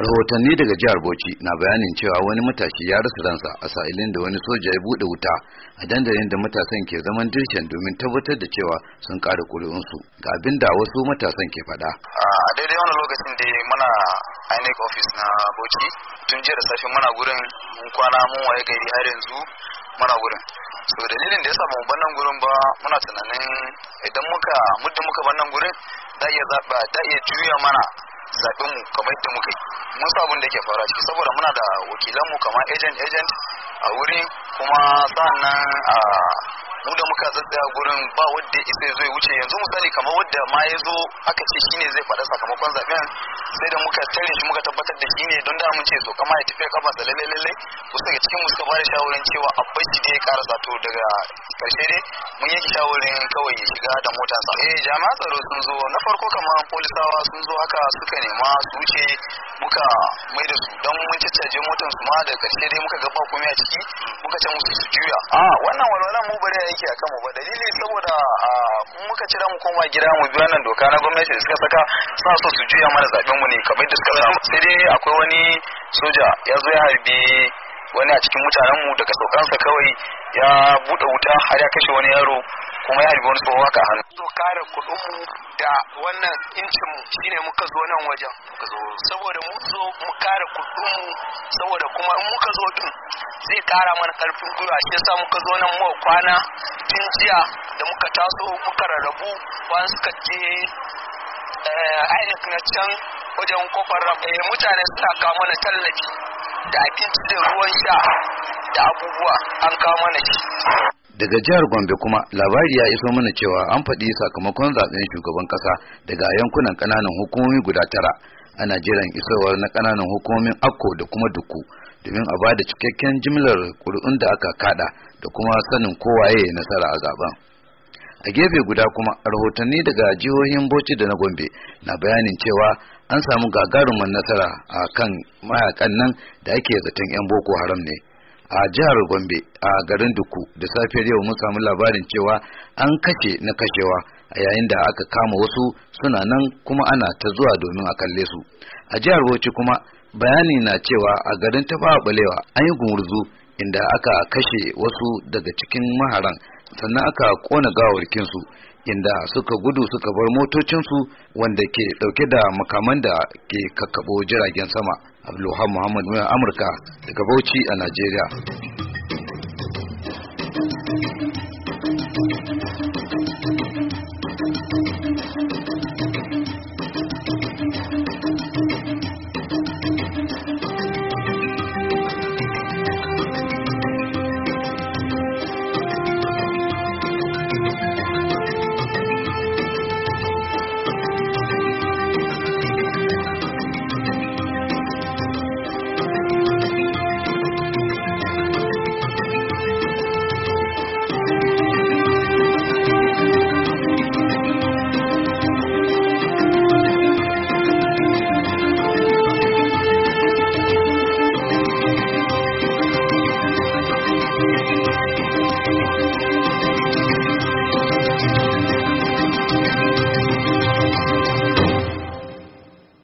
rahotanni daga jihar bauchi na bayanin cewa wani matashi ya rasa ransa a sa'ilin da wani soja ya bude wuta a dandalin da matasan ke zaman dirshen domin tabbatar da cewa sun kare kuri'unsu ga abin da wasu matasan ke faɗa. a daidai wani lokacin da muna inec office na bauchi tun jiya da safe muna gurin mun kwana mun waye gari har yanzu muna gurin so dalilin da ya samu bannan gurin ba muna tunanin idan muka muddin muka bannan gurin da iya zaɓa da iya juya mana zaɓin mu kamar yadda muka yi mun sa abin da yake fara ciki saboda muna da wakilan mu kamar agent agent a wuri kuma sa'annan a ah, mu da muka zaddaya gurin ba wadda isa zai wuce yanzu misali kamar wadda ma ya zo aka ce shine zai faɗa sakamakon zaben sai da muka tare shi muka tabbatar da shine don da mun ce so kama ya tafi kafa sa lalle lalle wasu daga cikin mu suka ba da cewa abbai shi da ya karasa to daga karshe dai mun yanke shawarin kawai ya shiga da mota sa eh jama'a tsaro sun zo na farko kamar polisawa sun zo haka suka nema su wuce muka mai da su don mun ce cajin motan su ma da karshe dai muka ga kuma a ciki muka ce musu su juya a ah. ah, wannan walwalan mu bare yake akan mu ba dalili saboda ah, muka cire mu koma gida mu bi wannan doka na gwamnati da suka saka suna so su juya mana zaben mu ne kamar da suka samu sai dai akwai wani soja ya zo ya harbi wani a cikin mutanen mu daga saukansa kawai ya buɗe wuta har ya kashe wani yaro kuma ya ribi wani tsoho haka a hannu. Zo kare mu da wannan incin mu ne muka zo nan wajen. Saboda mu zo mu kare mu saboda kuma in muka zo din zai kara mana karfin gwiwa shi yasa muka zo nan mu kwana tun jiya da muka taso muka rarrabu bayan suka je ainihin eh, na can wajen kofar eh, mutane suna kawo mana tallafi da abinci da ruwan sha da abubuwa an kawo mana shi. daga jihar gombe kuma labari ya iso mana cewa an faɗi sakamakon zaɓen shugaban ƙasa daga yankunan ƙananan hukumomi guda tara ana jiran isowar na ƙananan hukumomin akko da kuma duku domin a ba da cikakken jimlar ƙuri'un da aka kada da kuma sanin kowaye nasara a zaben a gefe guda kuma rahotanni daga jihohin bauchi da na gombe na bayanin cewa an samu gagarumin nasara a kan mayakan nan da ake zaton 'yan boko haram ne a jihar Gombe a garin Duku da safiyar yau mun samu labarin cewa an kashe na kashewa a yayin da aka kama wasu suna nan kuma ana ta zuwa domin a kalle su a jihar Bauchi kuma bayani na cewa a garin Tafawa Balewa an yi gumurzu inda aka kashe wasu daga cikin maharan sannan aka kona gawarkinsu inda suka gudu suka bar motocinsu wanda ke dauke da makaman da ke kakkabo jiragen sama abdulluhan muhammad mai amurka daga bauchi a najeriya